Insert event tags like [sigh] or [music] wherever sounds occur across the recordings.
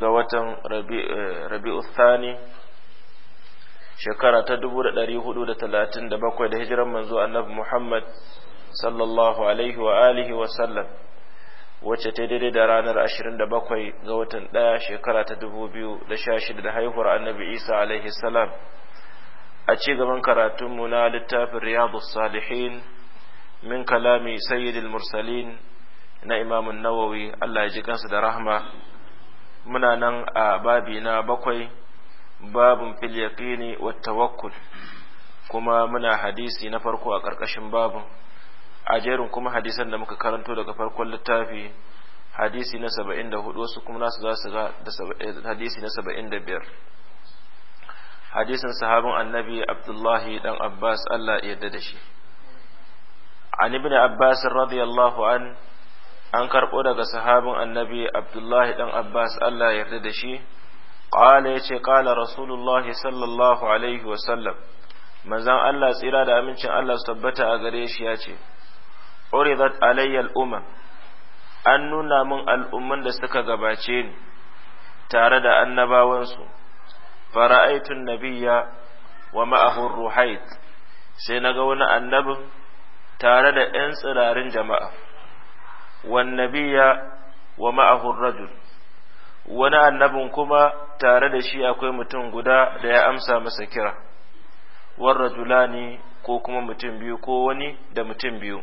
ga watan eh, rabi'u thani shekara ta 437 da hijiran manzo annabi Muhammad sallallahu alaihi wa alihi wa sallam wacce ta daidai da ranar 27 ga watan 1 shekara ta 2016 da haihuwar annabi Isa alaihi salam a ci gaban karatunmu na littafin riyadus salihin min kalami sayyidil mursalin na imamun nawawi Allah ya ji kansa da rahma muna nan a babi na bakwai babin fil yaqini wat tawakkul kuma muna hadisi na farko a ƙarƙashin babin a jerin kuma hadisan da muka karanto daga farkon littafi hadisi na saba'in da wasu kuma nasu za su ga eh, hadisi na saba'in biyar hadisin sahabin annabi abdullahi dan abbas allah yarda da shi an ibn abbas radiyallahu an an karɓo daga sahabin annabi abdullahi ɗan abbas allah ya yarda da shi ƙala ya ce ƙala rasulullahi sallallahu alaihi wasallam manzan allah tsira da amincin allah su tabbata a gare shi ya ce uridat alayya al'umma an nuna min al'umman da suka gabace ni tare da annabawansu fara'aitun nabiyya wa ma'ahun ruhait sai na ga wani annabin tare da ‘yan tsirarin jama'a’ والنبي ومعه الرجل wani annabin kuma tare da shi akwai mutum guda da ya amsa masa kira warra julani ko kuma mutum biyu ko wani da mutum biyu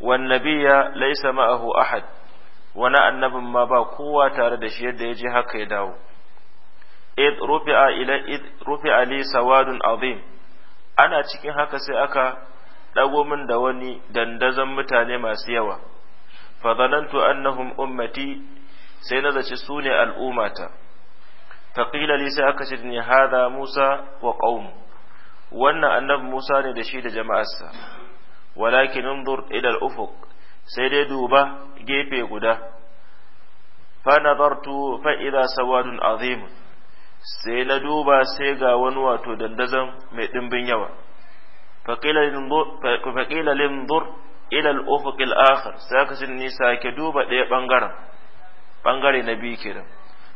wannabiya laisa ma'ahu ahad wani annabin ma ba kowa tare da shi yadda ya je haka ya dawo id rufe Ali sawadun azim ana cikin haka sai aka dago min da wani dandazon mutane masu yawa fa zanantu annahum ummati sai na zaci su ne al'ummata fa qila li aka ce ni hada Musa wa ƙaun. wannan annabi Musa ne da shi da jama'arsa walakin unzur ila al-ufuq sai dai duba gefe guda fa nadartu fa idha sawadun azim sai na duba sai ga wani wato dandazon mai dimbin yawa fa qila Ilal al-ufuq al-akhar sai ka sin nisa ke duba ɗaya bangaren bangare na biyu ke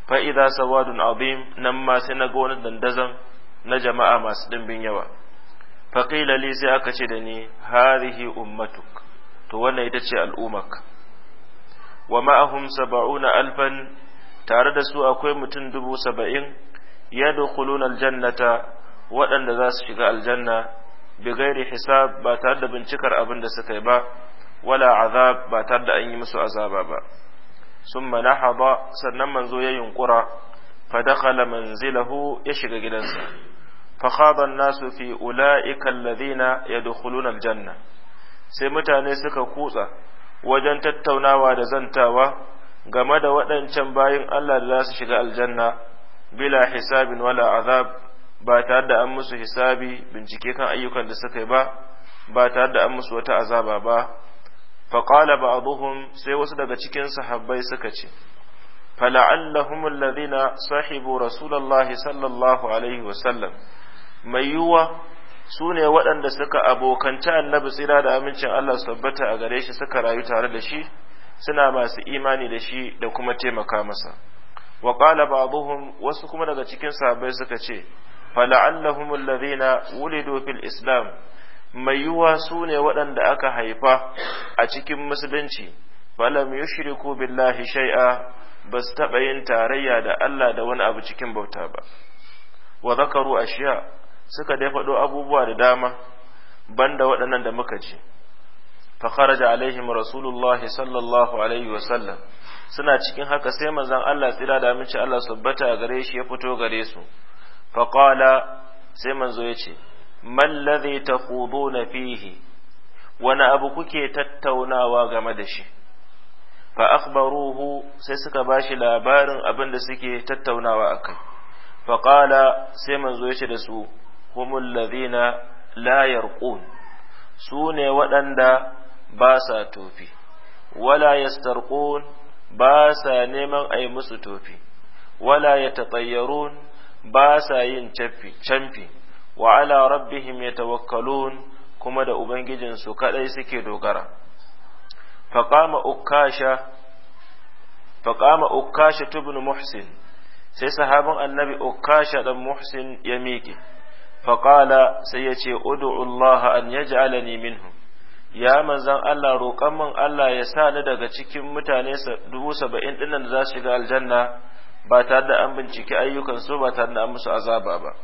fa idza sawadun azim nan ma sai na ga wani dandazan na jama'a masu dimbin yawa fa qila li sai aka ce da ni hadhihi ummatuk to wannan ita ce al'umak wa ma'ahum sab'una alfan tare da su akwai mutum dubu saba'in yadkhuluna aljannata waɗanda za su shiga aljanna bigairi hisab ba tare da bincikar abin da suka yi ba wala azab ba tare da an yi musu azaba ba sun manaha ba sannan manzo ya yunkura fa dakhala manzilahu ya shiga gidansa fa khaba an-nasu fi ulaika alladhina yadkhuluna al-janna sai mutane suka kutsa wajen tattaunawa da zantawa game da waɗancan bayin Allah da za su shiga aljanna bila hisabin wala azab ba tare da an musu hisabi bincike kan ayyukan da suka yi ba ba tare da an musu wata azaba ba faƙala ba sai wasu daga cikin sahabbai suka ce fala'allahum alladhina sahibu rasulullahi sallallahu alaihi wasallam mai yiwuwa su ne waɗanda suka abokanta annabi tsira da amincin Allah su tabbata a gare shi suka rayu tare da shi suna masu imani da shi da kuma taimaka masa wa qala ba'dhum wasu kuma daga cikin sahabbai suka ce فلعلهم الذين ولدوا في islam mai yiwuwa su ne waɗanda aka haifa a cikin musulunci falam yushriku billahi shay'a ba su taɓa yin tarayya da Allah da wani abu cikin bauta ba wa zakaru ashiya suka dai faɗo abubuwa da dama banda waɗannan da muka ji fa kharaja alaihim rasulullahi sallallahu alaihi wa sallam suna cikin haka sai manzon Allah tsira da aminci Allah subbata gare shi ya fito gare su faƙala sai manzo ya ce mallazi ta na fihi wani abu kuke tattaunawa game da shi fa akhbaruhu sai suka bashi labarin abin da suke tattaunawa kai. faƙala sai manzo ya ce da su humul ladhina la yarqun su ne waɗanda ba sa tofi wala ba sa neman a yi musu tofi wala yatatayyarun ba sa yin canfi-canfi. wa ala rabbihim yatawakkalun kuma da ubangijinsu kadai suke dogara faqama ukasha faqama ukasha ibn muhsin sai sahabin annabi ukasha dan muhsin ya miƙe Faƙala sai yace, ce ud'u Allah an yaj'alani minhum ya manzan Allah roƙon Allah ya sa ni daga cikin mutane dubu saba'in ɗinnan da za su shiga aljanna ba tare da an binciki su ba tare da an musu azaba ba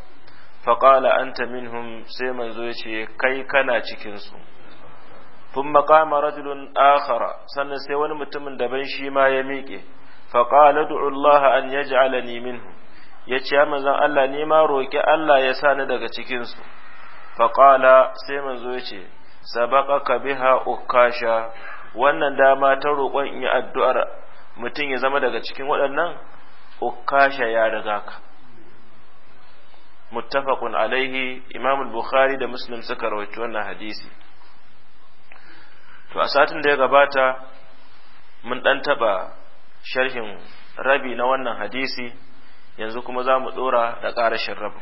faƙala anta minhum sai manzo ya ce kai kana cikinsu tun maƙama rajulun akhara sannan sai wani mutumin da ban shi ma ya miƙe faƙala du'ullaha an ya ni minhu ya ce manzon Allah ne ma roƙi Allah ya sa ni daga cikinsu faƙala sai manzo ya ce ka biha ukasha wannan dama ta roƙon in yi addu'ar mutum ya zama daga cikin waɗannan ukasha ya riga ka muttafaqun alaihi imam bukhari da muslim suka rawaito wannan hadisi to a satin da ya gabata mun dan taba sharhin rabi na wannan hadisi yanzu kuma za mu dora da ƙarashin rabu.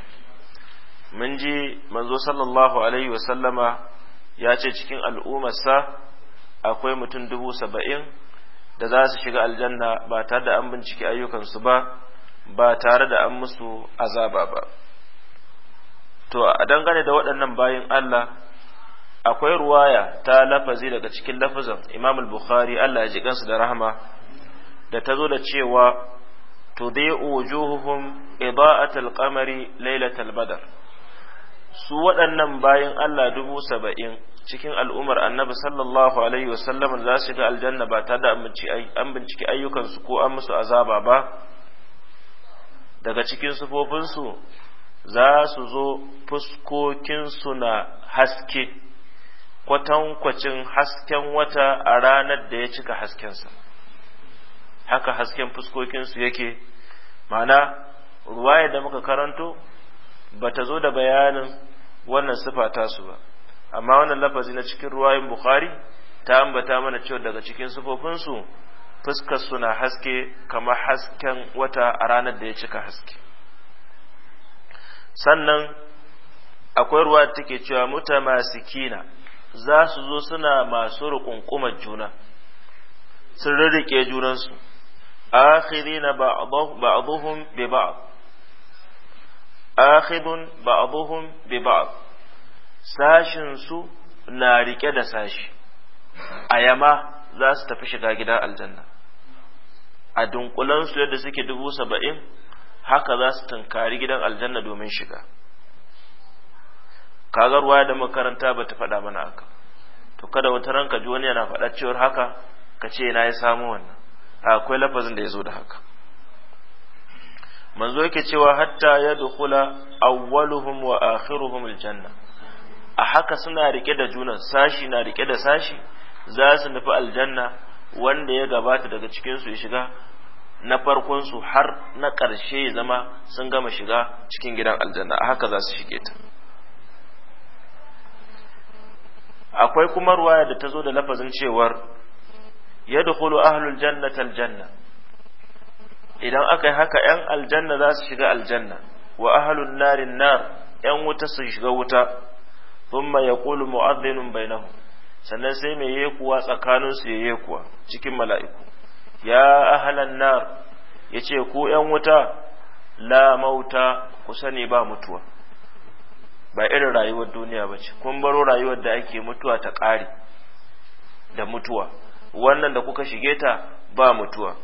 mun ji manzo sallallahu alaihi wa sallama, ya ce cikin al'ummarsa akwai mutum dubu saba'in da za su shiga aljanna ba tare da an bincike ayyukansu ba ba tare da an musu azaba ba to a dangane da waɗannan bayin Allah akwai ruwaya ta lafazi daga cikin lafazan Imam al-Bukhari Allah ya ji kansu da rahama da ta zo da cewa tudai wujuhuhum ida'at al-qamari laylatal badr su waɗannan bayan Allah dubu saba'in cikin al'ummar annabi sallallahu alaihi wasallam za su ga aljanna ba tare da an binciki ayyukansu ko an musu azaba ba daga cikin sufofinsu za su zo fuskokinsu na haske kwatankwacin hasken wata a ranar da ya cika haskensa haka hasken fuskokinsu yake ma'ana ruwaya da muka karanto bata zo da bayanin wannan sifa ta su ba amma wannan lafazi na cikin ruwayin bukhari ta ambata mana cewa daga cikin su fuskar na haske kamar hasken wata a ranar da ya cika haske sannan akwai ruwa da take cewa mutamasikina za su zo suna masu rukunkumar juna sun junan junansu akhirina ba'dhum bi ba'd akhidun ba'dhum bi ba'd sashin su na rike da sashi ayama za su tafi shiga gidan aljanna a dunkulan su yadda suke dubu saba'in haka za su tunkari gidan aljanna domin shiga kagarwa da makaranta ba ta faɗa mana haka to kada wata ranka ji wani yana faɗa cewar haka ka ce na ya samu wannan akwai lafazin da ya zo da haka manzo yake cewa hatta ya awwaluhum wa akhiruhum aljanna a haka suna rike da junan sashi na rike da sashi za su nufi aljanna wanda ya gabata daga cikinsu ya shiga na farkonsu har na ƙarshe ya zama sun gama shiga cikin gidan aljanna a haka za su shige ta akwai kuma ruwaya da ta zo da lafazin cewar ya ahlul jannatal aljanna idan aka yi haka ‘yan aljanna za su shiga aljanna wa ahalun narin nar ‘yan wuta su shiga wuta thumma ya ƙulu bai nahu sannan sai mai tsakanin su ya kuwa cikin mala'iku ya ahalan nar ya ce ku ‘yan wuta la mauta ku sani ba mutuwa ba irin rayuwar duniya ba ce kun baro rayuwar da ake mutuwa ta ƙari da mutuwa wannan da kuka shige ta ba mutuwa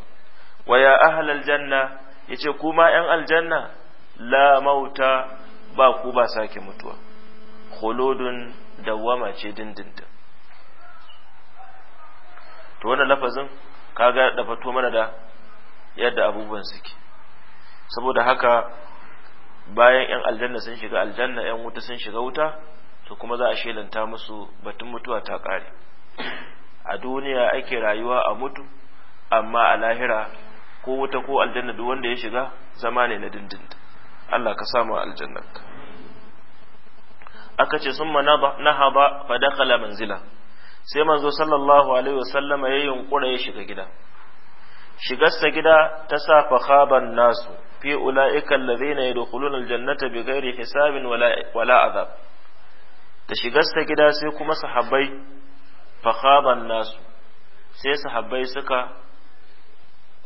wa ya ahal janna yace kuma yan aljanna la mauta ba ku ba sake mutuwa khuludun dawama ce dindindin to wannan lafazin kaga da fato mana da yadda abubuwan suke saboda haka bayan yan aljanna sun shiga aljanna yan wuta sun shiga wuta to kuma za a shelanta musu batun mutuwa ta kare a duniya ake rayuwa a mutu amma a lahira ko wuta ko aljanna duk wanda ya shiga zama ne na dindindin Allah ka samu aljannarka aka ce sun na nahaba fa dakala manzila sai manzo sallallahu alaihi wasallama ya yunkura ya shiga gida shigarsa gida ta sa khaban nasu fi ula'ika allazina yadkhuluna aljannata bighairi hisabin wala wala azab da shigarsa gida sai kuma sahabbai khaban nasu sai sahabbai suka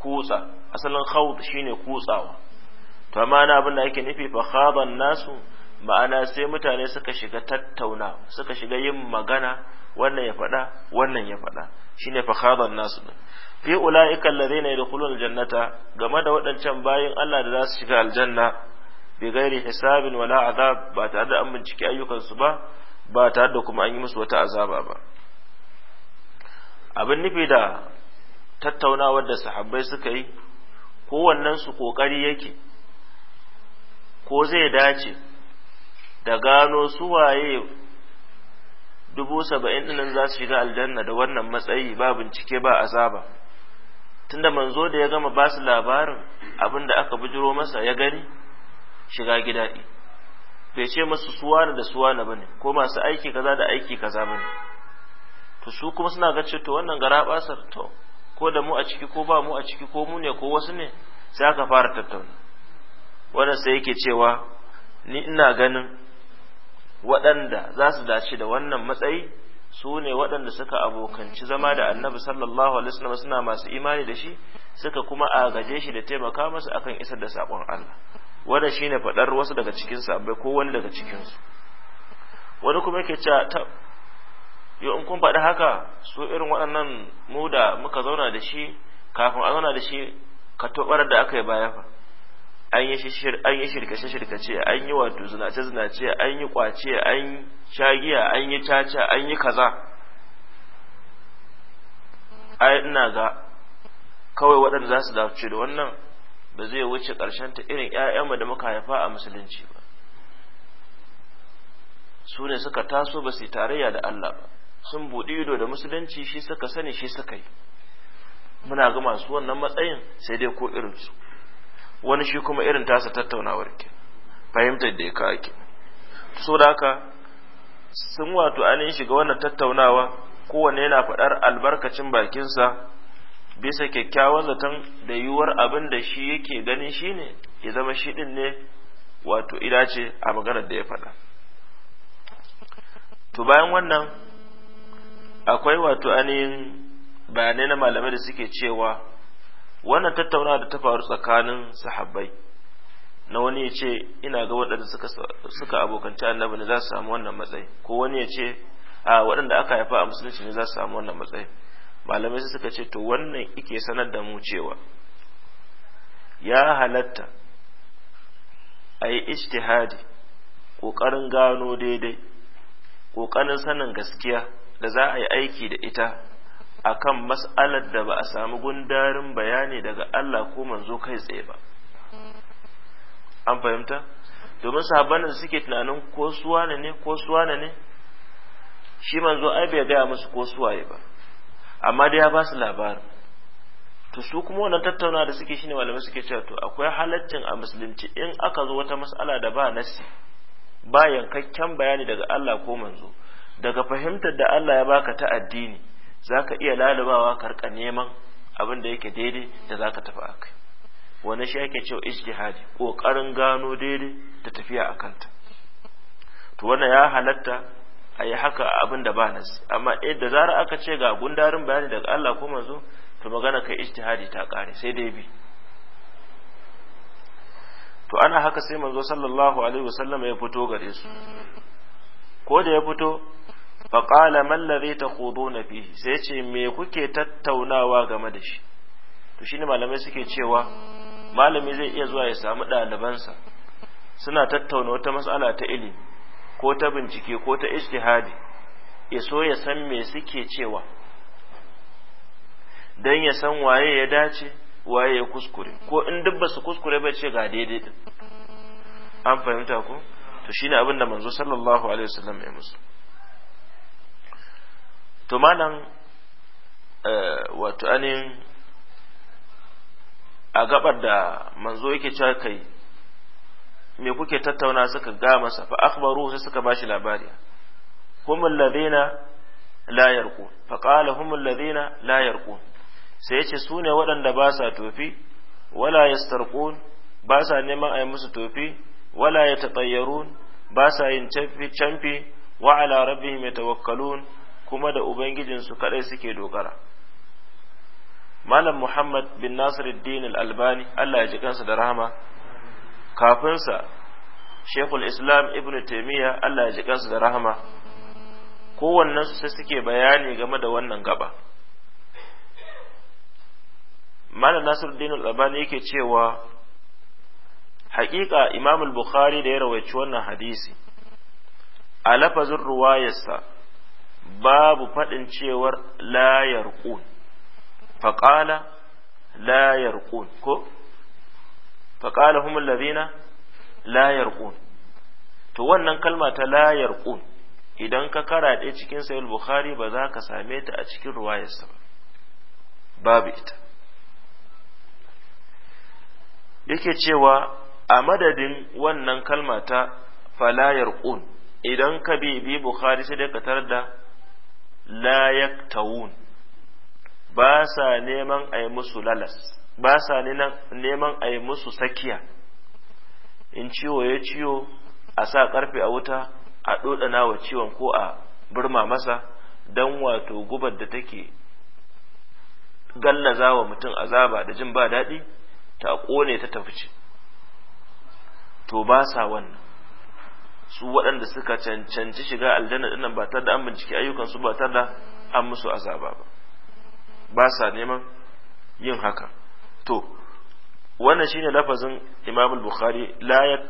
kusa asalin khawd shine kusawa to amma abin da ake nufi fa khadan nasu ma'ana sai mutane suka shiga tattauna suka shiga yin magana wannan ya faɗa wannan ya faɗa shine fa khadan nasu fi ulaika alladhina yadkhuluna aljannata game da waɗancan bayin Allah da zasu shiga aljanna bi ghairi hisabin wala azab ba tare da an bincike ayyukansu ba ba tare da kuma an yi musu wata azaba ba abin nufi da tattaunawar da sahabbai suka yi kowannen su kokari yake ko zai dace da gano suwaye dubu saba'in ɗinin za su shiga aljanna da wannan matsayi ba bincike ba azaba tunda manzo da ya gama ba su labarin abinda aka bujiro masa ya gani shiga gida bai ce masu na da na bane ko masu aiki kaza da aiki kaza bane to su kuma suna ga to wannan gara basar to ko da mu a ciki ko ba mu a ciki ko mu ne ko wasu ne sai aka fara tattauna wannan sai yake cewa ni ina ganin waɗanda za su dace da wannan matsayi su ne waɗanda suka abokanci zama da annabi sallallahu alaihi wasallam suna masu imani da shi suka kuma agaje shi da taimaka masa akan isar da saƙon Allah wannan shine faɗar wasu daga cikin sabbai ko wani daga cikin su wani kuma yake cewa yau in kun faɗi haka su irin waɗannan mu da muka zauna da shi kafin a zauna da shi ka tobar da aka yi baya fa an yi shirkace shirkace an yi wato zinace zinace an yi kwace an shagiya an yi caca an yi kaza ai ina ga kawai waɗanda za su dace da wannan ba zai wuce ƙarshen ta irin ‘ya'yanmu da muka haifa a musulunci ba Sune suka taso ba su tarayya da Allah ba sun buɗi ido da musulunci shi suka sani shi suka yi muna ga masu wannan matsayin sai dai ko irinsu wani shi kuma irin tasa tattaunawar ke fahimtar da ya kawo ke so da haka sun wato ainihin shiga wannan tattaunawa kowane yana faɗar albarkacin bakinsa bisa kyakkyawan zaton da yiwuwar abin da shi yake ganin shi ne ya zama shi ɗin ne wato ida ce a maganar da ya faɗa to bayan wannan akwai wato ainihin bayanai na malamai da suke cewa wannan tattaunawa da ta faru tsakanin sahabbai na wani ya ce ina ga waɗanda suka suka abokanci annabi ne za su samu wannan matsayi ko wani ya ce a waɗanda aka haifa a musulunci ne za su samu wannan matsayi malamai su suka ce to wannan ike sanar da mu cewa ya halatta a yi ishtihadi ƙoƙarin gano daidai ƙoƙarin sanin gaskiya da za a yi aiki da ita akan mas'alar da ba a sami gundarin bayani daga Allah ko manzo kai tsaye ba an fahimta domin sahabban da suke tunanin ko suwane ne ko suwane ne shi manzo ai bai gaya musu ko suwaye ba amma dai ya ba su labarin to su kuma wannan tattauna da suke shine malamai suke cewa to akwai halaccin a musulunci in aka zo wata mas'ala da ba nasi ba yankakken bayani daga Allah ko manzo daga fahimtar da Allah ya baka ta addini zaka iya lalubawa karka neman abin da yake daidai da zaka tafi akai wani shi yake cewa ijtihadi ƙoƙarin gano daidai da tafiya akan ta to wannan ya halatta a yi haka abin da ba nasi amma eh, da zarar aka ce ga gundarin bayani daga Allah ko manzo to magana kai ijtihadi ta kare sai dai bi to ana haka sai manzo sallallahu alaihi wasallam ya fito gare su ko da ya fito faƙala mallabe ta hudu na fihi sai ce me kuke tattaunawa game da shi to shine malamai suke cewa malami zai iya zuwa ya samu ɗalibansa suna tattauna wata matsala ta ilimi ko ta bincike ko ta ijtihadi ya so ya san me suke cewa don ya san waye ya dace waye ya kuskure ko in duk ba su kuskure ba ce ga daidai an fahimta ku to shine abin da manzo sallallahu alaihi wasallam ya musu to malam eh, wato anin a gabar da manzo yake cewa kai me kuke tattauna suka ga masa fa akhbaru sai suka bashi labari humul ladina la yarqu fa qala humul ladina la yarqu sai yace sune waɗanda ba sa tofi wala yastarqun ba sa neman a musu tofi wala yatatayyarun ba sa yin canfi wa ala mai tawakkalun, kuma da ubangijinsu kadai suke dogara malam muhammad bin Nasiru al-albani Allah ya ji kansa da rahama kafinsa shekul islam ibn taimiyya Allah ya ji kansa da rahama kowannensu sai suke bayani game da wannan gaba malam Nasiru al-albani yake cewa haƙiƙa imam al-bukhari da ya rawaici wannan hadisi a lafazin ruwayarsa babu faɗin cewar la yarqun faqala la yarqun ko faqala hum alladhina la yarqun to wannan kalma ta la ƙun, idan ka karaɗe cikin sahih bukhari ba za ka same ta a cikin ruwayarsa ba babu ita yake cewa a madadin wannan kalma ta falayar un idan ka bi bukhari sai da tarar da layak taun ba sa neman a yi musu lalas ba sa neman a yi musu sakiya in ciwo ya ciwo a sa karfe a wuta a ɗoɗana wa ciwon ko a birma masa don wato gubar da take gallaza wa mutum azaba da jin ba daɗi ta ƙone ta tafi to ba sa wannan su waɗanda suka cancanci shiga aljanna dinnan ba tare da an bincike ayyukansu ba tare da an musu azaba ba ba sa neman yin haka to wannan shine lafazin Imam al-Bukhari la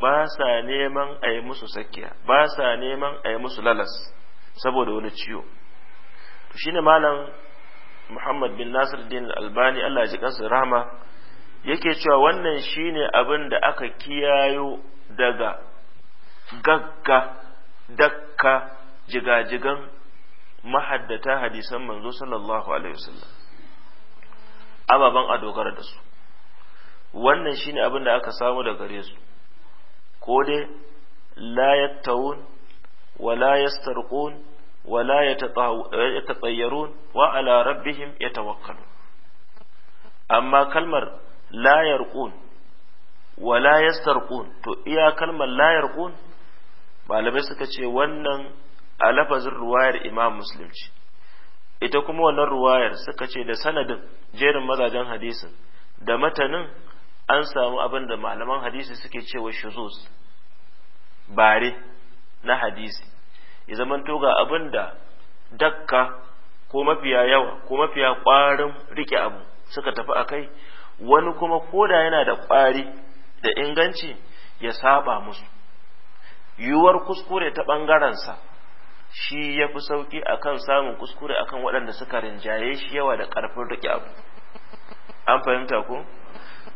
ba sa neman a musu sakiya ba sa neman a musu lalas saboda wani ciwo to shine malam Muhammad bin Nasir din Albani Allah ya ji kansa rahama yake cewa wannan shine abin da aka kiyayo daga gagga dakka jigajigan mahaddata hadisan manzo sallallahu alaihi wasallam ababan a dogara da su wannan shine abin da aka samu da gare su ko dai la yattawun wa la yastarqun wa la yatatayyarun wa ala rabbihim yatawakkalun amma kalmar la yarqun wa la yastarqun to iya kalmar la yarqun malamai suka ce wannan a ruwayar imam muslim ce ita kuma wannan ruwayar suka ce da sanadin jerin mazajen hadisin da matanin an samu abin da malaman hadisi suke cewa shuzus bare na hadisi ya zaman toga abin da dakka ko mafiya yawa ko mafiya ƙwarin rike abu suka tafi a kai wani kuma koda yana da ƙwari da inganci ya saba musu yiwuwar kuskure ta ɓangarensa shi ya fi sauƙi akan samun kuskure akan waɗanda suka rinjaye shi yawa da ƙarfin riƙe abu an fahimta ko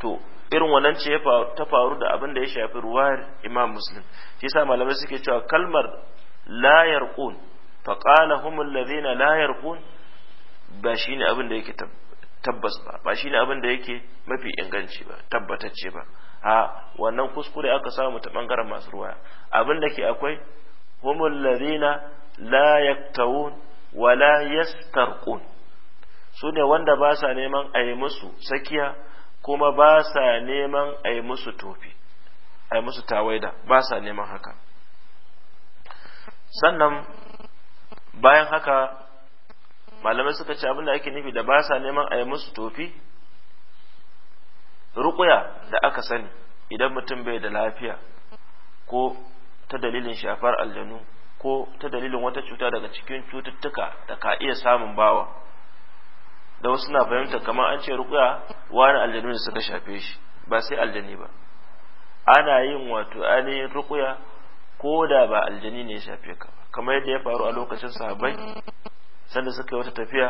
to irin wannan ce ta faru da abin da ya shafi ruwar imam muslim shi yasa malamai suke cewa kalmar la yarqun fa qala humul la yarqun ba shine abin da yake tabbata tabbas ba ba shine abin da yake mafi inganci ba tabbatacce ba ha wannan kuskure aka samu ta bangaren masu ruwa abin da ke akwai humul ladina la yaktawun wa yastarqun su ne wanda ba sa neman a yi musu sakiya kuma ba sa neman a yi musu tofi a yi musu tawaida ba sa neman haka sannan bayan haka malamai suka ce abin da ake nufi da ba sa neman a yi musu tofi ruƙuya da aka sani idan mutum bai da lafiya ko ta dalilin shafar aljanu ko ta dalilin wata cuta daga cikin cututtuka da ka iya samun bawa da wasu na fahimta kamar an ce rukuya wani aljanu ne suka shafe shi ba sai aljani ba ana yin wato ainihin rukuya ko da ba aljani ne ya shafe ka kamar yadda ya faru a lokacin sahabbai sanda suka yi wata tafiya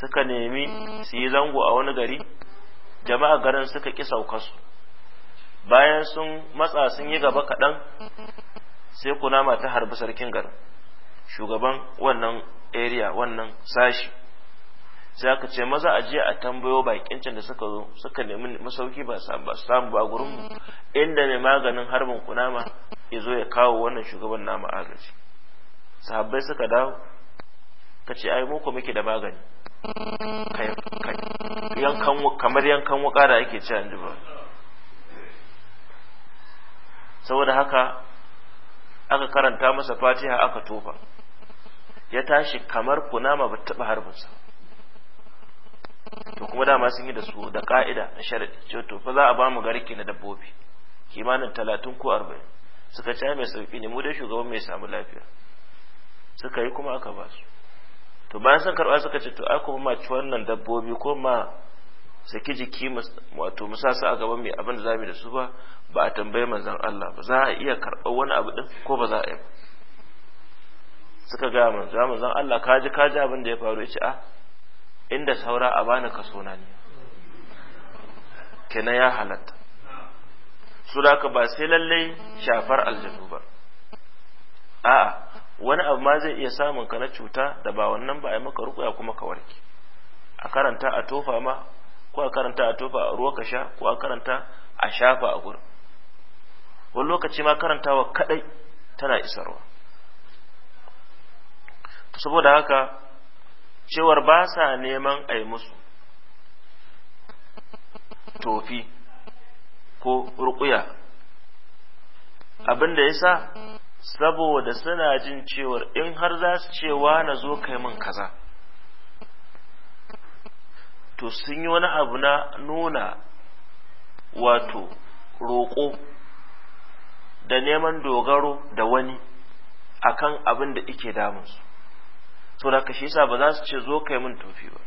suka nemi su yi zango a wani gari jama'a garin suka ƙi su bayan sun matsa sun yi gaba kaɗan sai kunama ta harbi sarkin garin shugaban wannan area wannan sashi sai aka ce maza a je a tambayo bakin can da suka zo suka nemi masauki ba su samu ba mu inda mai maganin harbin kunama ya zo ya kawo wannan shugaban nama agaji sahabbai suka dawo ka ce ai muku muke da magani kamar yankan wuka da ake ci ji ba saboda haka aka karanta masa fatiha aka tofa ya tashi kamar kunama ba taɓa harbinsa to kuma dama sun yi da su da ƙa'ida da sharadi ce to fa za a ba mu garki na dabbobi kimanin talatin ko arba'in suka ci mai sauƙi ne mu dai shugaban mai samu lafiya suka yi kuma aka basu. to bayan sun karɓa suka ce to ai kuma ma ci wannan dabbobi ko ma saki jiki wato musa su a gaban mai abin da zamu da su ba ba a tambaye manzon Allah ba za a iya karɓar wani abu din ko ba za a yi ba suka ga manzon manzon Allah ka ji abin da ya faru ya ce a ah, inda saura a bani kaso na ne kenan ya halatta su da ba sai lallai shafar aljanu ba a'a wani abu ma zai iya samun ka na cuta da ba wannan ba a yi maka rukuya kuma ka warke a karanta a tofa ma ko a karanta a tofa a ruwa ka sha ko a karanta a shafa a gurin wani lokaci ma karantawa kadai tana isarwa saboda haka cewar ba sa neman a yi musu tofi ko rukuya abinda da ya sa saboda suna jin cewar in har za su cewa na zo kai min kaza to sun yi wani abu na nuna wato roƙo da neman dogaro da wani akan abin da ike damunsu to da ka shi ba za su ce zo kai min tofi ba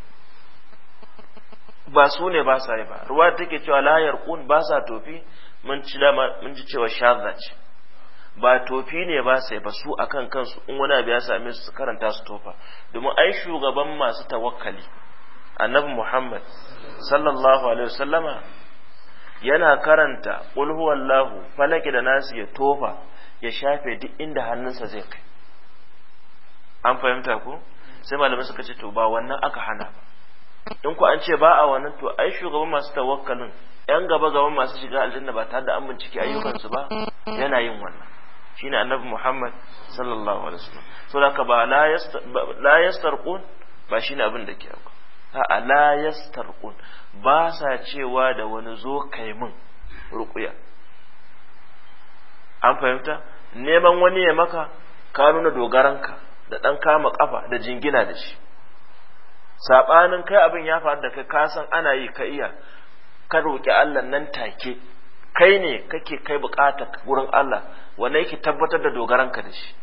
ba su ne ba sa yi ba ruwa take cewa layar kun ba sa tofi mun ci cewa shadda ce ba tofi ne ba sai ba su akan kansu in wani abu ya same su karanta su tofa domin ai shugaban masu tawakkali annabi Muhammad sallallahu alaihi wasallama yana karanta qul huwallahu falaki da nasu ya tofa ya shafe duk inda hannunsa zai kai an fahimta ko sai malamai suka ce to ba wannan aka hana ba in ku an ce ba a wannan to ai shugaban masu tawakkalin yan gaba gaban masu shiga aljanna ba tare da an bincike ayyukansu ba yana yin wannan shine annabi Muhammad sallallahu alaihi wasallam to da ba la yastarqun ba shine abin da ke ba a la yastarqun ba sa cewa da wani zo kai min ruqya an fahimta neman wani ya maka ka nuna dogaran ka, da dan kama kafa da jingina da shi sabanin kai abin ya faru da kai ka san ana yi ka iya ka roki Allah nan take kai ne kake kai bukata wurin Allah wanda yake tabbatar da dogaranka da shi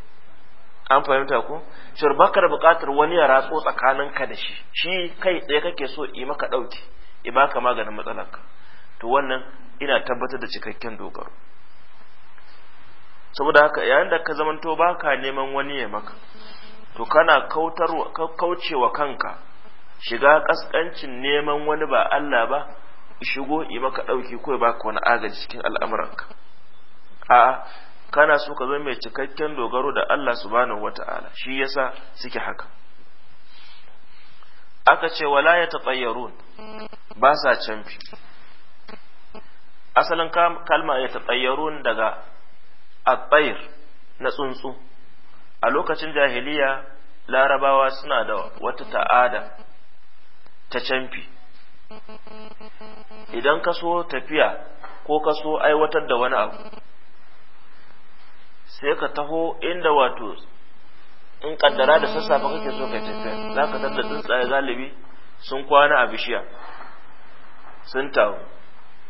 an fahimta ko shir baka da bukatar wani ya ratso tsakanin ka da shi shi kai tsaye kake so i maka dauki i baka maganin matsalarka to wannan ina tabbatar da cikakken dogaro saboda haka yayin da ka zamanto baka neman wani ya maka to kana kaucewa kanka shiga kaskancin neman wani ba Allah ba shigo yi maka ɗauki ko ba ka wani agaji cikin al'amuranka a kana so ka zo mai cikakken dogaro da Allah subhanahu wata'ala shi yasa suke haka aka ce wala ya taɓayyarun ba sa canfi asalin kalma ya taɓayyarun daga aɓayir na tsuntsu a lokacin jahiliya larabawa suna da wata ta'ada ta canfi idan ka so tafiya ko ka so aiwatar da wani abu sai ka taho inda wato in kaddara da sassafe kake so kai tafiya za ka tattara tsuntsaye galibi sun kwana a bishiya sun taru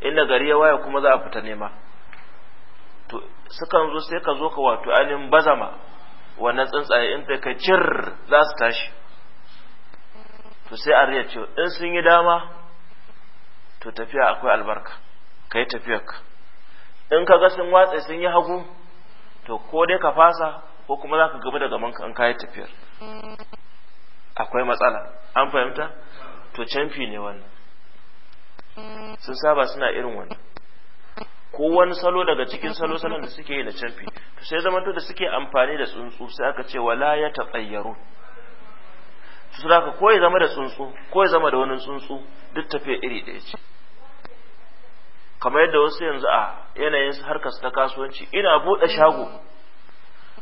inda gari ya waya kuma za a fita nema to sukan zo sai ka zo ka wato ainihin bazama wannan tsuntsaye in kai cir za su tashi to sai a riya cewa in sun yi dama to tafiya akwai albarka ka yi tafiyarka in ka ga sun watsa sun yi hagu to ko dai ka fasa ko kuma za ka gaba da gamanka in ka yi tafiyar akwai matsala an fahimta to canfi ne wannan sun saba suna irin wannan ko wani salo daga cikin salo salon da suke yi da canfi to sai zamanto da suke amfani da tsuntsu sai aka ce wala ya tatsayyaru su ka ko zama da tsuntsu ko ya zama da wani tsuntsu duk tafiya iri ɗaya ce kamar yadda wasu yanzu a yanayin harkar ta kasuwanci ina buɗe shago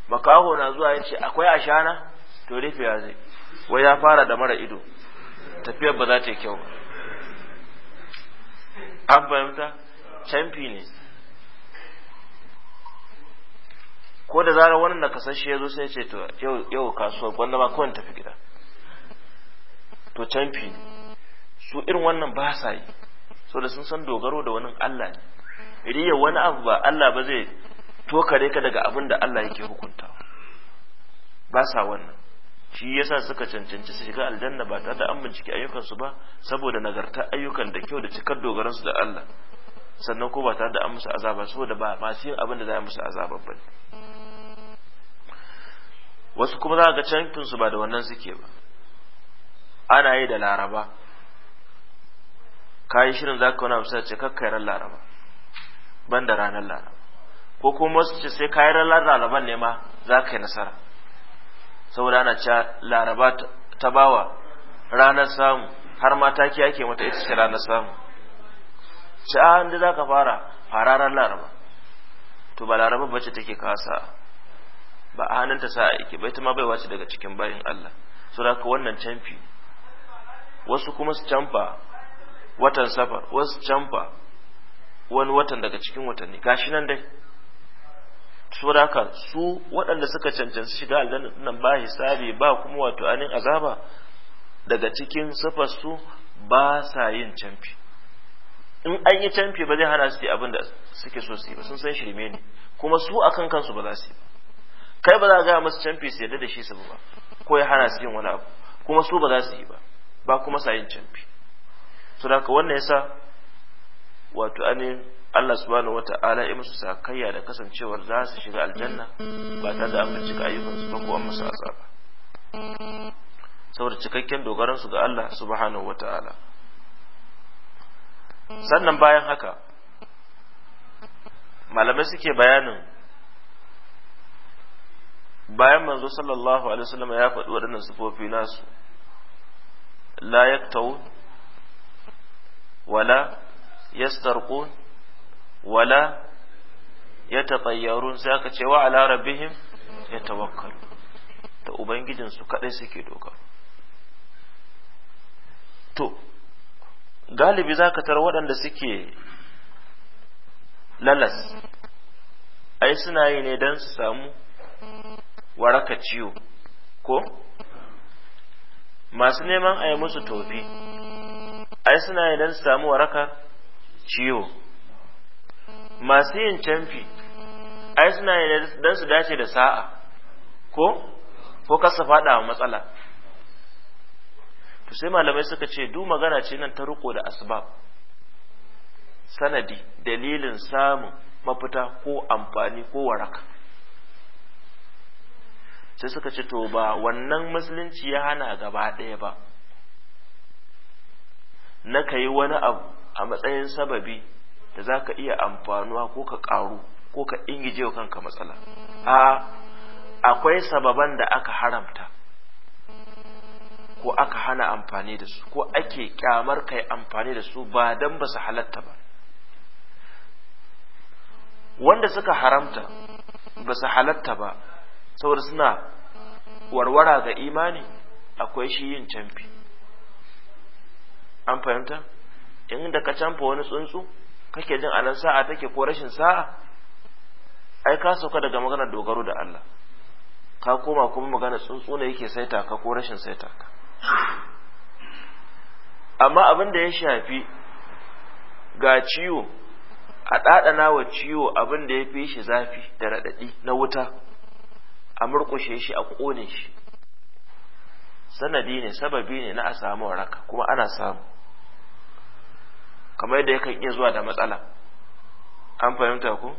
makaho na zuwa yace akwai ashana to rufe ya zai wai ya fara da mara ido tafiyar ba za ta yi kyau ba an fahimta canfi ne ko da zarar wannan nakasashe ya zo sai ce to yau kasuwa gwanda ma kawai tafi gida to canfi su irin wannan ba sa yi so da sun san dogaro da wani Allah ne riya wani abu ba Allah ba zai tokare ka daga abin da Allah yake hukunta ba sa wannan shi yasa suka cancanci su shiga aljanna ba tare da an bincike ayyukansu ba saboda nagarta ayyukan da kyau da cikar dogaransu da Allah sannan ko ba tare da an musu azaba saboda ba masu yin abin da za a musu azaba ba wasu kuma za ga su ba da wannan suke ba ana yi da laraba kayi shirin za ka wani abu sai ce kakka ran laraba ban da ranar laraba ko kuma wasu ce sai kayi ranar laraban ne ma za ka yi nasara saboda ana cewa laraba ta bawa ranar samu har ma ta kiya ke mata ita ce ranar samu ci a inda za ka fara fara ran laraba to ba laraba ce take kasa ba a hannunta sa aiki bai ta ma bai wace daga cikin bayin Allah saboda ka wannan canfi wasu kuma su canfa watan safar wasu canfa wani watan daga cikin watanni gashi nan dai saboda su waɗanda suka cancanci shiga aljanna nan ba hisabi ba kuma wato anin azaba daga cikin safar su ba sa yin canfi in an yi canfi ba zai hana su yi abin da suke so su yi ba sun san shirme ne kuma su akan kansu ba za su yi ba kai ba za ka gaya musu canfi su yadda da shi su ba ko ya hana su yin wani abu kuma su ba za su yi ba ba kuma sayin canfi to da haka wannan yasa wato anin Allah subhanahu wata'ala ya musu sakayya da kasancewar za su shiga aljanna ba tare da an bincika su ba ko an musu azaba saboda cikakken dogaran su ga Allah subhanahu wata'ala sannan bayan haka malamai suke bayanin bayan manzo sallallahu alaihi wasallam ya faɗi waɗannan sufofi nasu la yaktawun wala yastarqun wala yatatayyarun sai aka ce wa ala rabbihim yatawakkalu ta ubangijin su kaɗai suke doka. to galibi zaka tar waɗanda suke lalas ai suna yi ne don su samu waraka ciwo ko masu neman a yi musu tofi ai suna yi don su samu warakar ciwo masu yin canfi ai suna yi don su dace da sa'a ko ko kasa faɗa wa matsala to sai malamai suka ce du magana ce nan ta ruko da asbab sanadi dalilin samun mafita ko amfani ko waraka sai suka ci to ba wannan musulunci ya hana gaba ɗaya ba na ka yi wani abu a matsayin sababi da za ka iya amfanuwa ko ka ƙaru ko ka ingije wa kanka matsala a akwai sababan da aka haramta ko aka hana amfani da su ko ake kyamar kai amfani da su ba don ba su halatta ba wanda suka haramta ba su halatta ba saboda suna warwara ga imani akwai shi yin canfi an fahimta inda ka canfa wani tsuntsu kake jin alan sa'a take ko rashin sa'a ai ka sauka daga maganar dogaro da Allah ka koma kuma magana tsuntsu ne yake saita ka ko rashin saita ka amma abin da ya shafi ga ciwo a ɗaɗana wa ciwo abin da ya fi shi zafi da raɗaɗi na wuta a murƙushe shi a ƙone shi sanadi ne sababi ne na a samu waraka kuma ana samu kamar yadda yakan iya zuwa da matsala an fahimta ku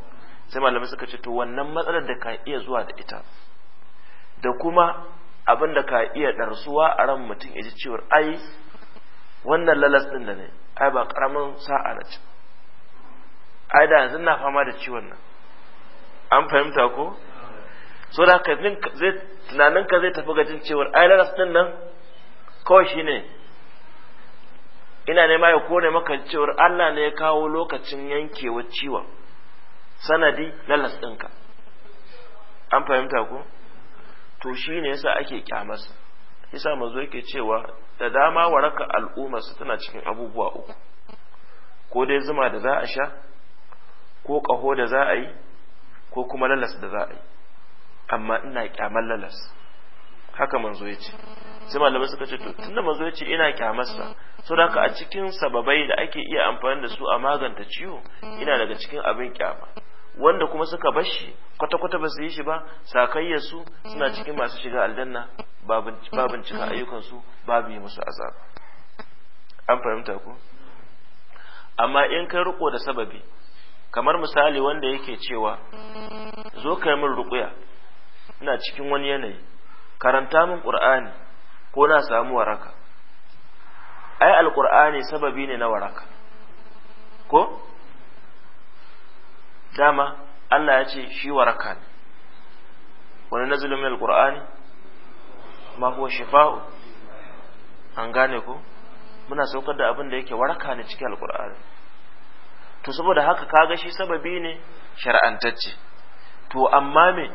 sai malamai suka ce to wannan matsalar da ka iya zuwa da ita da kuma abin da ka iya ɗarsuwa a ran mutum ya ji cewar ai wannan lalas ɗin da ne ai ba ƙaramin sa'a na ci ai da yanzu na fama da ciwon nan an fahimta ko so da haka tunaninka zai tafi gajin cewar laras din nan kawai shi ne ina nema ya kone maka cewar allah ne ya kawo lokacin yankewar ciwon sanadi na las ɗinka an fahimta ko to shi ne yasa ake kyamarsa yasa mazo yake cewa da dama waraka su tana cikin abubuwa uku ko dai zuma da za a sha ko ƙaho da za a yi ko kuma lalas da za a yi amma ina kyamar lalas haka manzo ya ce sai malamai suka ce to tunda manzo ya ce ina kyamarsa so da a cikin sababai da ake iya amfani da su a maganta ciwo ina daga cikin abin kyama wanda kuma suka bar shi kwata-kwata ba su yi shi ba sakayya su suna cikin masu shiga aljanna babin cika ayyukansu babu yi musu azaba an fahimta ku amma in kai riko da sababi kamar misali wanda yake cewa zo kai min ruƙuya ina cikin wani yanayi karanta min qur'ani ko na samu waraka ai alqur'ani sababi ne na waraka ko dama Allah ya ce shi waraka ne wani nazilu min alqur'ani ma huwa shifa'u an gane ko muna saukar da abin da yake waraka ne cikin alqur'ani to saboda haka kaga shi sababi ne shar'antacce to amma me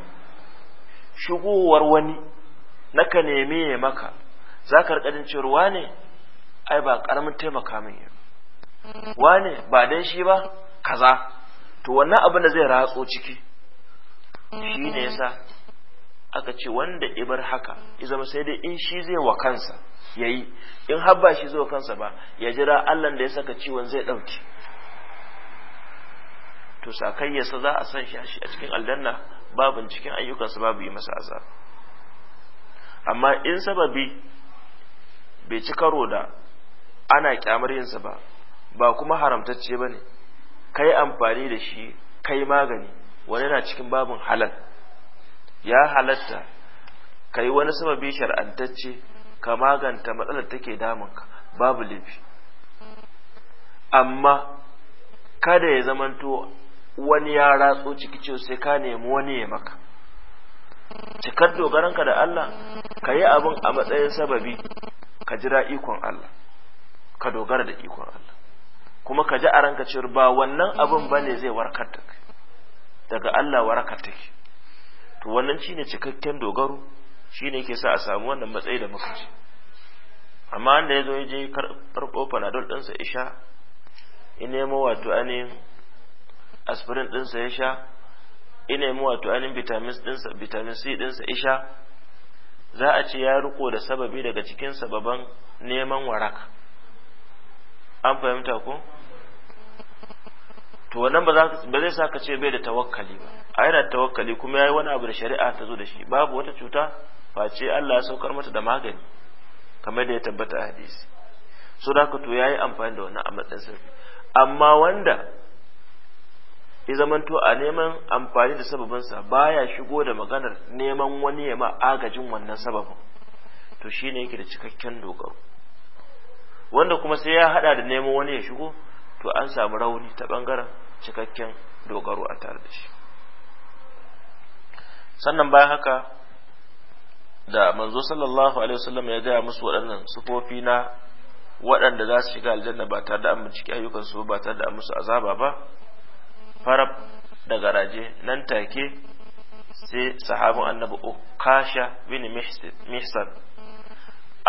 shigowar wani naka neme ya maka za ka rikadin cewa ne ai ba karamin taimaka min ya wane ba dan shi ba kaza to wannan abin da zai ratso ciki shi ne yasa aka ce wanda ibar haka ya zama sai dai in shi zai wa kansa ya yi in har ba shi zai wa kansa ba ya jira allan da ya saka ciwon zai ɗauki. to sakayyarsa za a san shi a cikin aldanna? cikin cikin ayyukansa babu yi masa azab amma in sababi bai ci karo da ana kyamar yinsa ba ba kuma haramtacce ba ne kai amfani da shi kai magani wani yana cikin babin halal ya halatta ka wani sababi shar'antacce ka maganta matsalar take damunka babu laifi amma kada ya zamanto wani ya ratso ciki ce sai ka nemi wani ya maka cikar dogaranka da Allah ka yi abin a matsayin sababi ka jira ikon Allah ka dogara da ikon Allah kuma ka ji a ranka cewar ba wannan abin ba ne zai warkar da kai daga Allah warkar take to wannan shine cikakken dogaro shine yake sa a samu wannan matsayi da muka ci amma wanda ya zo ya je karɓo panadol ɗinsa isha in nemo wato ainihin aspirin dinsa ya sha ina mu wato ainihin vitamin c ɗinsa isha za a ce ya riko da sababi daga cikin sababan neman waraka an fahimta ko to wannan ba zai sa ka ce bai da tawakkali ba a yana da tawakkali kuma yayi wani abu da shari'a ta zo da shi babu wata cuta face Allah ya saukar mata da magani kamar da ya tabbata a hadisi so da ka to yayi amfani da wannan a amma wanda ya zamanto a neman amfani da sababinsa baya shigo da maganar neman wani ya ma agajin wannan sababin to shine yake da cikakken dogaro wanda kuma sai ya hada da neman wani ya shigo to an samu rauni ta bangaren cikakken dogaro a tare da shi sannan bayan haka da manzo sallallahu alaihi wasallam ya gaya musu waɗannan sufofi na waɗanda za su shiga aljanna ba tare da an ayyukan ayyukansu ba tare da an musu azaba ba farab da garaje nan take sai sahabin annabi ukasha bin mihsan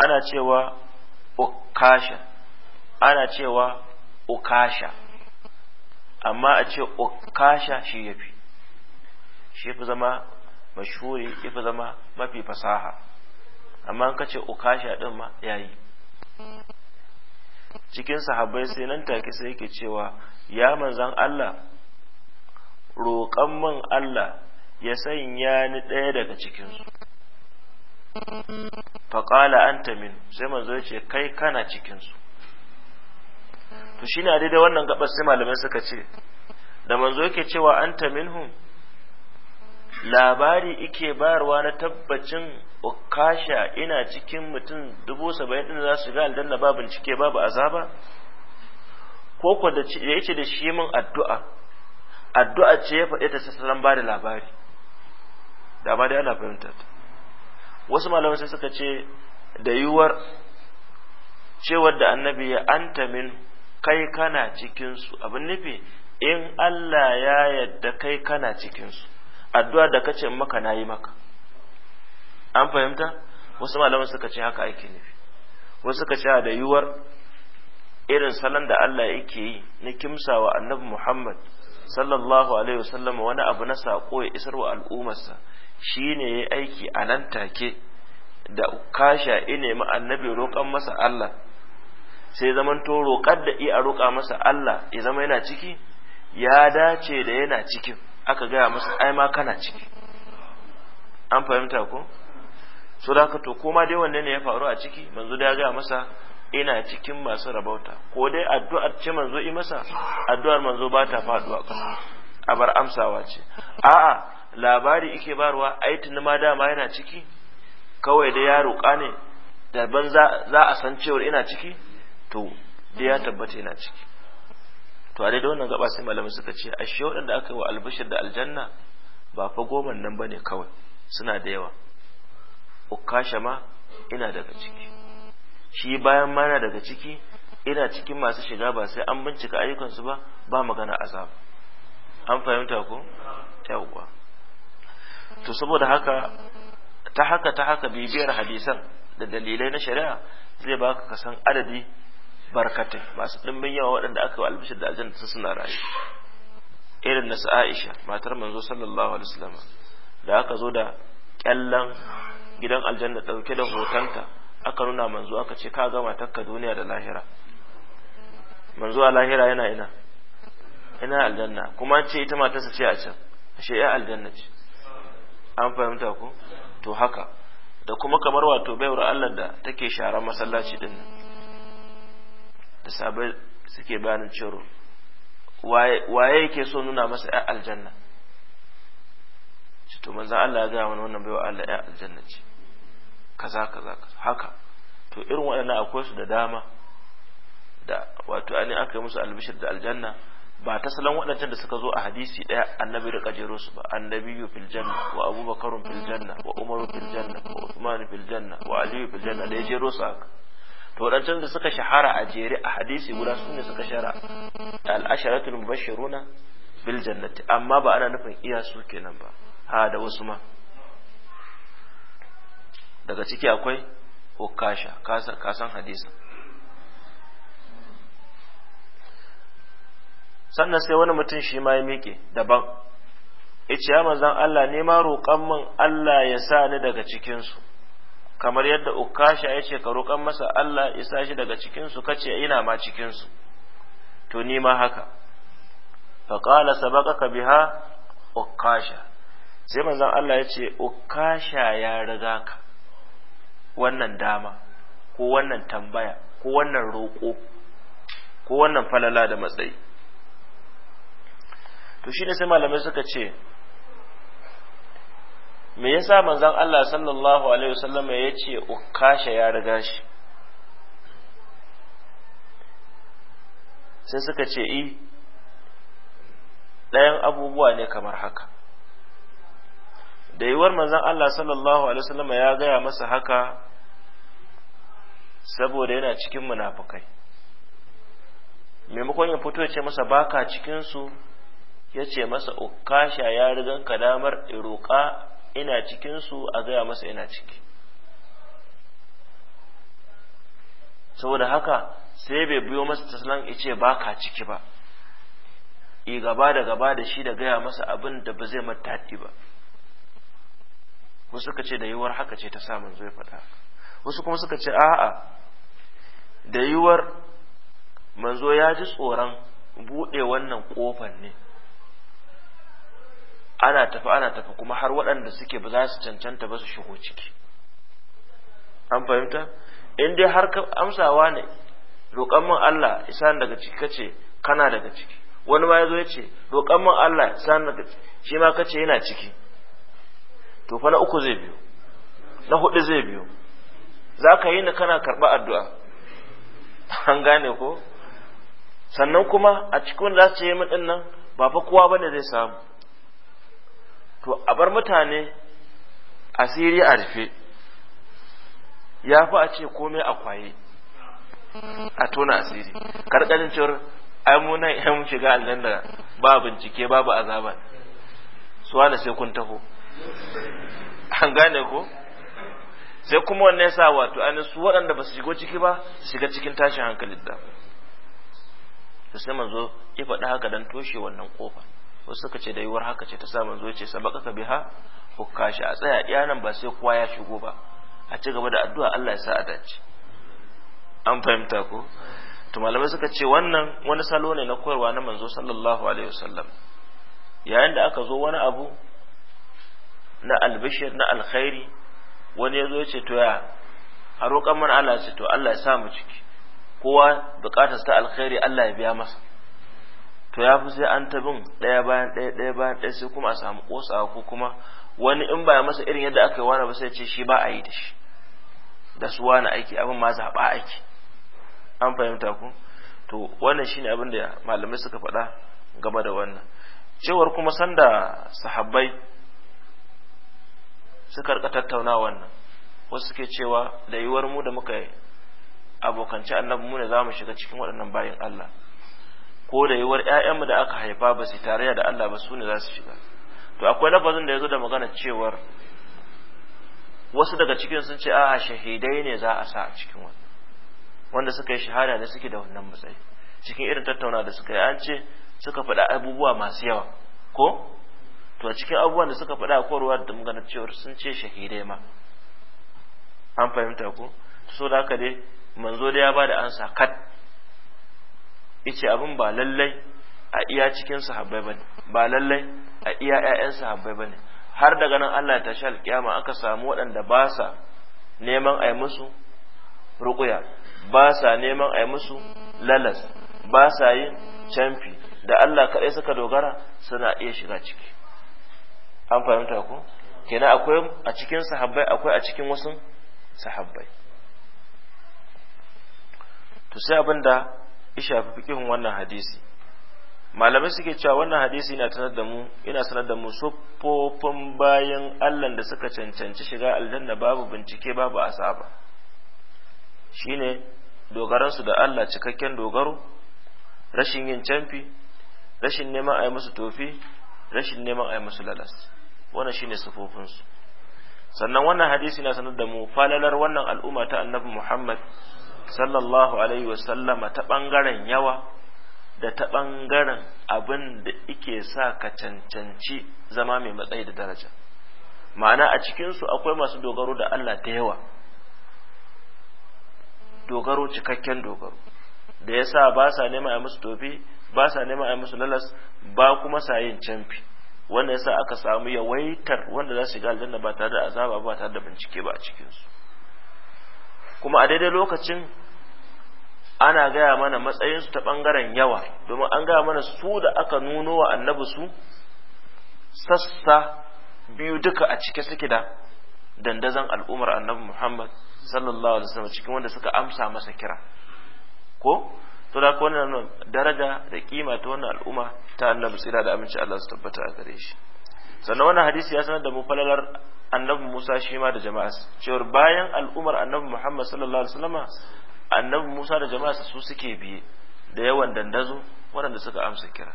ana cewa ukasha ana cewa ukasha amma a ce ukasha shi ya fi shi fi zama mashhuri ya fi zama mafi fasaha amma an kace ukasha din ma yayi cikin sahabbai sai nan take sai yake cewa ya manzan Allah roƙon min Allah ya sanya ni ɗaya daga cikinsu faƙala an tamin sai manzo ya ce kai kana cikinsu to shi ne a wannan gabas sai malamai suka ce da manzo yake cewa an hun? labari ike bayarwa na tabbacin ukasha ina cikin mutum dubu saba'in ɗin za su ga aljanna babin bincike babu azaba ko ko da ya ce da shi min addu'a addu'a ce ya faɗe ta sassan ba da labari da ba dai ana fahimtar ta wasu malamai sai suka ce da yiwuwar cewar da annabi ya anta min kai kana cikinsu abin nufi in Allah ya yadda kai kana cikinsu addu'a da kace maka nayi maka an fahimta wasu malamai suka ce haka ake nufi wasu suka ce da yiwuwar irin salon da Allah yake yi na kimsawa annabi Muhammad sallallahu alaihi wasallam wani abu na sako ya isar wa al'ummarsa shine yayi aiki a nan take da kasha ine ma annabi roƙan masa Allah sai zaman to roƙar da iya roƙa masa Allah ya zama yana ciki ya dace da yana cikin aka gaya masa ai ma kana ciki an fahimta ko so da haka to koma dai wanne ne ya faru a ciki manzo da ya gaya masa ina cikin masu rabauta ko dai addu'ar ce manzo yi masa addu'ar manzo ba ta faduwa a bar amsawa ce a'a labari ike barwa ai tuni ma dama yana ciki kawai dai ya roƙa ne daban za a san cewar ina ciki to dai ya tabbata yana ciki to a da wannan gaba sai malamai suka ce a ashe waɗanda aka yi wa albishir da aljanna ba fa goma nan bane kawai suna da yawa ukasha ma ina daga ciki shi bayan mana daga ciki ina cikin masu shiga ba sai an bincika ayyukansu ba ba magana azab an fahimta ko yawwa to saboda haka ta haka ta haka bibiyar hadisan da dalilai na shari'a zai baka ka san adadi barkatai masu dimbin yawa waɗanda aka yi albishir da aljanna su suna rayu irin na Aisha matar manzo sallallahu alaihi wasallam da aka zo da kyallan gidan aljanna dauke da hotonta aka nuna manzo aka ce ka gama takka duniya da lahira manzo a lahira yana ina ina aljanna kuma ce ita matarsa ce a can ashe ya aljanna ce an fahimta ku? to haka da kuma kamar wato baiwar Allah da take sharar masallaci din da sabai suke bayanin ciro waye yake so nuna masa ya aljanna to manzo Allah ya gaya mana wannan baiwa Allah ya aljanna ce kaza kaza haka to irin waɗannan akwai su da dama da wato ani aka yi musu albishir da aljanna ba ta salon waɗancan da suka zo a hadisi ɗaya annabi da kajero su ba annabiyu fil janna wa abubakar fil janna wa umaru fil janna wa usman fil janna wa aliyu fil janna da ya jero su haka to waɗancan da suka shahara a jere a hadisi guda su ne suka shara al-asharatul mubashshiruna bil jannati amma ba ana nufin iya su kenan ba ha da wasu ma daga ciki akwai hukasha kasan hadisi sannan sai wani mutum shi ma ya miƙe daban ice ya manzan Allah ne ma roƙon min Allah ya sa ni daga cikinsu kamar yadda ukasha ya ce ka roƙon masa Allah ya sa shi daga cikinsu ka ce ina ma cikinsu to ni ma haka faƙala sabaqaka biha ukasha sai manzan Allah ya ce ukasha ya riga ka wannan dama ko wannan tambaya ko wannan roƙo ko wannan falala da matsayi to shine sai malamai suka ce me yasa manzon Allah sallallahu alaihi wasallam ya ce ukasha ya riga shi sai suka ce i ɗayan abubuwa ne kamar haka da yiwuwar manzon Allah sallallahu alaihi wasallam ya gaya masa haka saboda yana cikin munafukai maimakon ya fito ya ce masa baka cikinsu ya ce masa ukasha ya rigan ka damar iroka ina cikinsu a gaya masa ina ciki saboda haka sai bai biyo masa taslan ya ce baka ciki ba i gaba da gaba da shi da gaya masa abin da ba zai mata ba wasu suka ce da yiwuwar haka ce ta samun zai faɗa wasu kuma suka ce a'a da yiwuwar manzo ya ji tsoron buɗe wannan ƙofan ne ana tafi ana tafi kuma har waɗanda suke ba za su cancanta ba su shigo ciki an fahimta in dai har ka amsawa ne roƙon man Allah isa daga ciki kace kana daga ciki wani ma yazo yace roƙon man Allah isa daga ciki shi ma kace yana ciki to fa na uku zai biyo na hudu zai biyo za ka yi ni kana karɓa addu'a an gane ko sannan kuma a cikin za su yi min nan ba fa kowa ba ne zai samu to a bar mutane asiri a rufe ya fi a ce komai a kwaye a tona asiri karkarin cewar aimunan yan shiga allon da ba bincike babu azaba suwa da sai kun taho an gane ko sai kuma wannan yasa wato ainihin su waɗanda ba su shigo ciki ba su shiga cikin tashin hankali da su. sai manzo ya faɗi haka dan toshe wannan kofa wasu suka ce da yiwuwar haka ce ta sa manzo ce sabaka ka biha kashi a tsaya iyanan ba sai kowa ya shigo ba a ci gaba da addu'a Allah ya sa a dace an fahimta ko to malamai suka ce wannan wani salo ne na koyarwa na manzo sallallahu alaihi wasallam yayin da aka zo wani abu na albishir na alkhairi wani ya zo ya ce to ya a roƙon mana Allah ce to Allah ya sa mu ciki kowa buƙatar ta alkhairi Allah ya biya masa to ya fi sai an tabin ɗaya bayan ɗaya ɗaya bayan ɗaya sai kuma a samu ƙosawa ko kuma wani in ba masa irin yadda aka yi wani ba sai ce shi ba a yi da shi da su wani aiki abin ma zaɓa aiki an fahimta ku to wannan shine abin da malamai suka faɗa game da wannan cewar kuma sanda sahabbai suka rika tattauna wannan wasu suke cewa da yiwuwar mu da muka abokanci annabi mu ne za mu shiga cikin waɗannan bayin Allah ko da yiwuwar ƴaƴanmu da aka haifa ba su tarayya da Allah ba su ne za su shiga to akwai lafazin da ya zo da magana cewar wasu daga cikin sun ce a'a shahidai ne za a sa a cikin wannan wanda suka yi shahada ne suke da wannan matsayi cikin irin tattauna da suka yi an ce suka faɗa abubuwa masu yawa ko to a cikin abubuwan da suka faɗa korowar da magana cewar sun ce shahidai ma an fahimta ko so da haka dai manzo da ya bada ansa kat yace abin ba lallai a iya cikin sahabbai bane ba lallai a iya ƴaƴan sahabbai bane har daga nan Allah ta tashi alƙiyama aka samu waɗanda ba sa neman a musu ruƙuya ba sa neman a musu lalas ba sa yin Camfi da Allah kaɗai suka dogara suna iya shiga ciki an fahimta ku kenan akwai a cikin sahabbai akwai a cikin wasu sahabbai to sai abin da ya shafi fikihun wannan hadisi malamai suke cewa wannan hadisi yana sanar da mu yana sanar da mu bayan Allah da suka cancanci shiga aljanna babu bincike babu asaba shine dogaran su da Allah cikakken dogaro rashin yin canfi rashin neman ayi musu tofi rashin neman ayi musu lalas wannan shine sufofin su sannan wannan hadisi na sanar da mu falalar wannan al'umma ta annabi Muhammad sallallahu alaihi wa sallama ta bangaren yawa da ta bangaren abin da yake sa ka cancanci zama mai matsayi da daraja ma'ana a cikin su akwai masu dogaro da Allah ta yawa dogaro cikakken dogaro da yasa ba sa nema a musu tofi ba sa nema a musu lalas ba kuma sayin canfi. wanda yasa aka samu yawaitar wanda za su shiga aljanna ba tare da azaba ba tare da bincike ba a cikinsu. kuma a daidai lokacin ana gaya mana matsayin su ta bangaren yawa domin an gaya mana su da aka nuno wa annabi su sassa biyu duka a cike suke da dandazan al'ummar annabi Muhammad sallallahu alaihi wasallam cikin wanda suka amsa masa kira ko to da wannan daraja da kima ta wannan al'umma ta annabi tsira da aminci Allah su tabbata a gare shi sannan wannan hadisi ya sanar da mu falalar annabi Musa shi ma da jama'a cewar bayan al'ummar annabi Muhammad sallallahu alaihi wasallama annabi Musa da jama'a su suke biye da yawan dandazo waɗanda suka amsa kira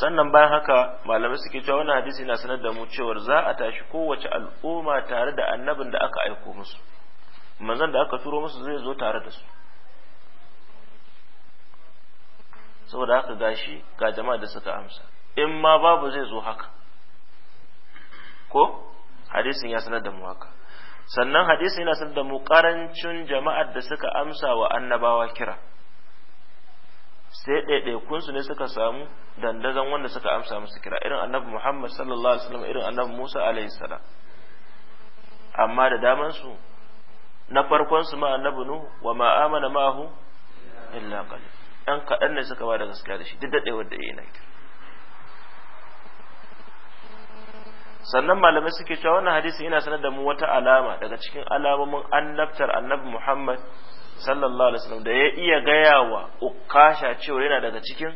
sannan bayan haka malamai suke cewa wannan hadisi na sanar da mu cewar za a tashi kowace al'umma tare da annabin da aka aiko musu manzon da aka turo musu zai zo tare da su saboda haka gashi ga jama'a da suka amsa in ma babu zai zo haka ko hadisin ya sanar da mu haka sannan hadisin yana sanar da mu karancin jama'ar da suka amsa wa annabawa kira sai ɗaiɗaikun su ne suka samu dandazon wanda suka amsa musu kira irin annabi Muhammad sallallahu alaihi wasallam irin annabi Musa alaihi salam amma da daman su na farkon su ma annabi Nuhu wa ma amana ma'ahu illa qalil ɗan kaɗan ne suka ba da gaskiya da shi duk wanda da yi kira sannan malamai suke cewa wannan hadisi yana sanar da mu wata alama daga cikin alamomin annabtar annabi Muhammad sallallahu alaihi wasallam da ya iya gaya wa ukasha cewa yana daga cikin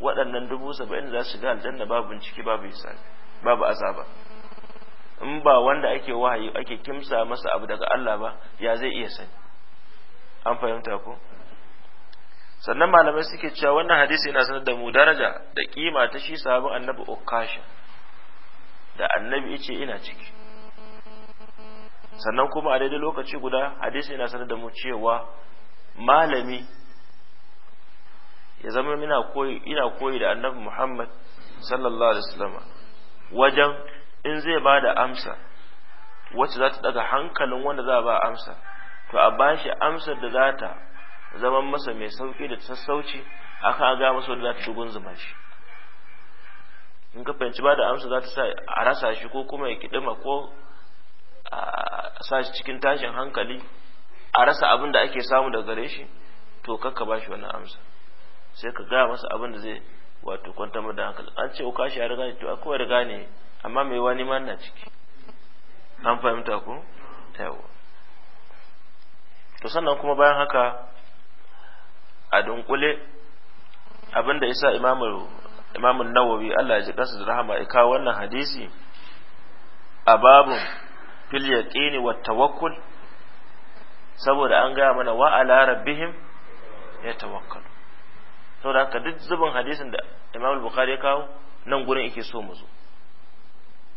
waɗannan dubu saba'in za su shiga aljanna babu bincike babu ba babu azaba in ba wanda ake wahayi ake kimsa masa abu daga Allah ba ya zai iya sani an fahimta ko sannan malamai suke cewa wannan hadisi yana sanar da mu daraja da kima ta shi sahabin annabi ukasha da annabi yace ina ciki sannan kuma a daidai lokaci guda hadisi yana sanar da mu cewa malami ya zama ina koyi ina koyi da annabi Muhammad sallallahu alaihi wasallam wajen in zai ba da amsa wacce za ta daga hankalin wanda za a ba amsa to a bashi amsar da za ta zaman masa mai sauki da sassauci aka ga masa da za ta zuma shi in ka fahimci ba da amsa za ta sa a rasa shi ko kuma ya kidima ko a sa shi cikin tashin hankali a rasa abin da ake samu daga gare shi to kakka ba shi wannan amsa sai ka gaya masa abin da zai wato kwantar da hankali an ce uka shi ya riga to akwai riga ne amma mai wani ma na ciki an fahimta ku? yawa to sannan kuma bayan haka a dunkule abinda isa imamu imamun nawawi Allah ya ji kasa da rahama ya kawo wannan hadisi a babun fil yaqini wat tawakkul saboda an gaya mana wa ala rabbihim ya tawakkalu saboda haka duk zubin hadisin da imamu Bukhari ya kawo nan gurin yake so mu zo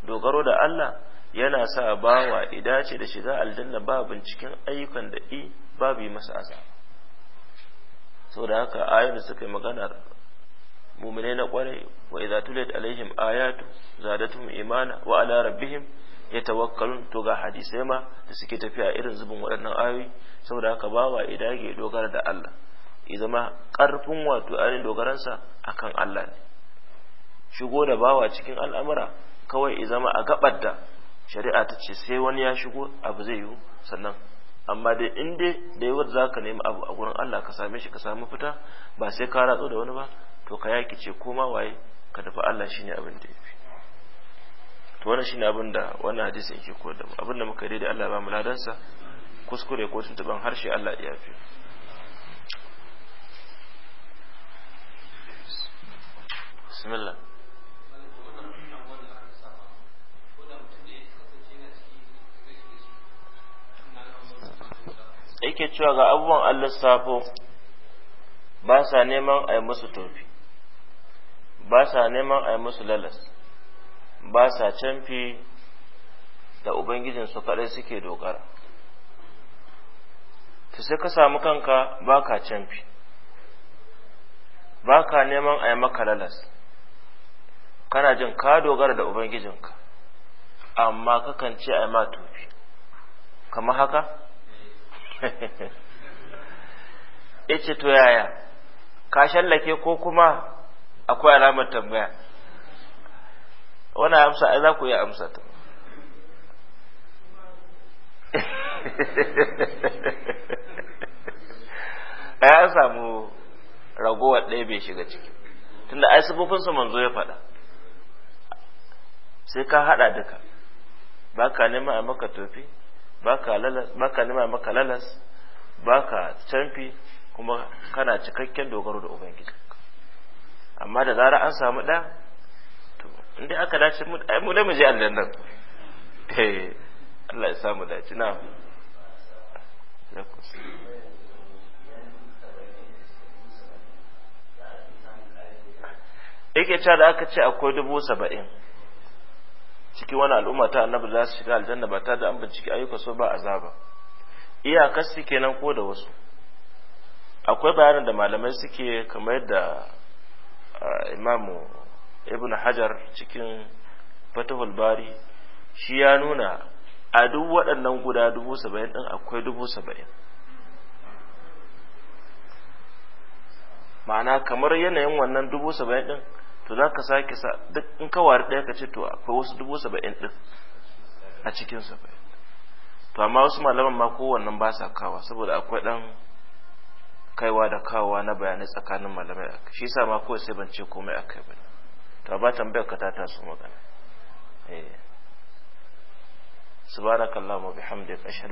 dogaro da Allah yana sa bawa idace da shiga aljanna ba cikin ayyukan da i babu yi masa azaba saboda haka ayoyin da suka yi magana muminai na kwarai wa idza tuliyat alaihim ayatu zadatum imana wa ala rabbihim yatawakkalun to ga hadisai ma da suke tafiya irin zubin waɗannan ayoyi saboda haka bawa idan ya dogara da Allah ya zama wato ainihin dogaransa akan Allah ne shigo da bawa cikin al'amura kawai ya zama a gabar da shari'a ta ce sai wani ya shigo abu zai yiwu sannan amma dai in dai da yawar za ka nemi abu a gurin Allah ka same shi ka samu fita ba sai ka ratso da wani ba to ka yaki ce koma waye ka tafi Allah shi ne abin da fi to wannan ne abin da wannan hadisi yake koyar da mu abin da muka yi Allah ba mu ladansa kuskure ko tuntuban harshe Allah ya yafi bismillah yake cewa ga abubuwan Allah safo ba sa neman a yi musu tofi ba sa neman a yi musu lalas ba sa canfi da ubangijinsu kaɗai suke dogara su sai ka samu kanka ba ka canfi ba ka neman a yi maka lalas kana jin ka dogara da ubangijinka amma kakan ce a yi ma tofi kamar haka ce to yaya ka shallake ko kuma akwai alamar tambaya wani amsa ai za ku iya amsa ta ya [laughs] samu ragowar ɗaya bai shiga ciki tunda ai sufufinsa manzo ya faɗa sai ka haɗa duka ba ka nema a maka tofi baka nima maka lalas baka canfi kuma kana cikakken dogaro da ubangiji amma da zara an samu ɗa to inda aka dace mu ai mu je Allah nan eh Allah ya samu dace na yake cewa da aka ce akwai dubu saba'in cikin wani al'umma ta annabi za su shiga aljanna ba ta da an bincike ayyuka su ba azaba iyakar su kenan ko da wasu akwai bayanan da malamai suke kamar yadda imamu ibn hajar cikin fatahul bari shi ya nuna a duk waɗannan guda dubu saba'in ɗin akwai dubu saba'in ma'ana kamar yanayin wannan dubu saba'in ɗin to za ka sake sa duk in ka wari ɗaya ka ce to akwai wasu dubu saba'in ɗin a cikin saba'in to amma wasu malaman ma kowannan ba sa kawa saboda akwai ɗan kaiwa da kawa na bayanai tsakanin malamai a shi sa ma kawai sai ban ce komai a kai ba to ba tambayar ka ta taso magana eh subhanakallahumma bihamdika ashhadu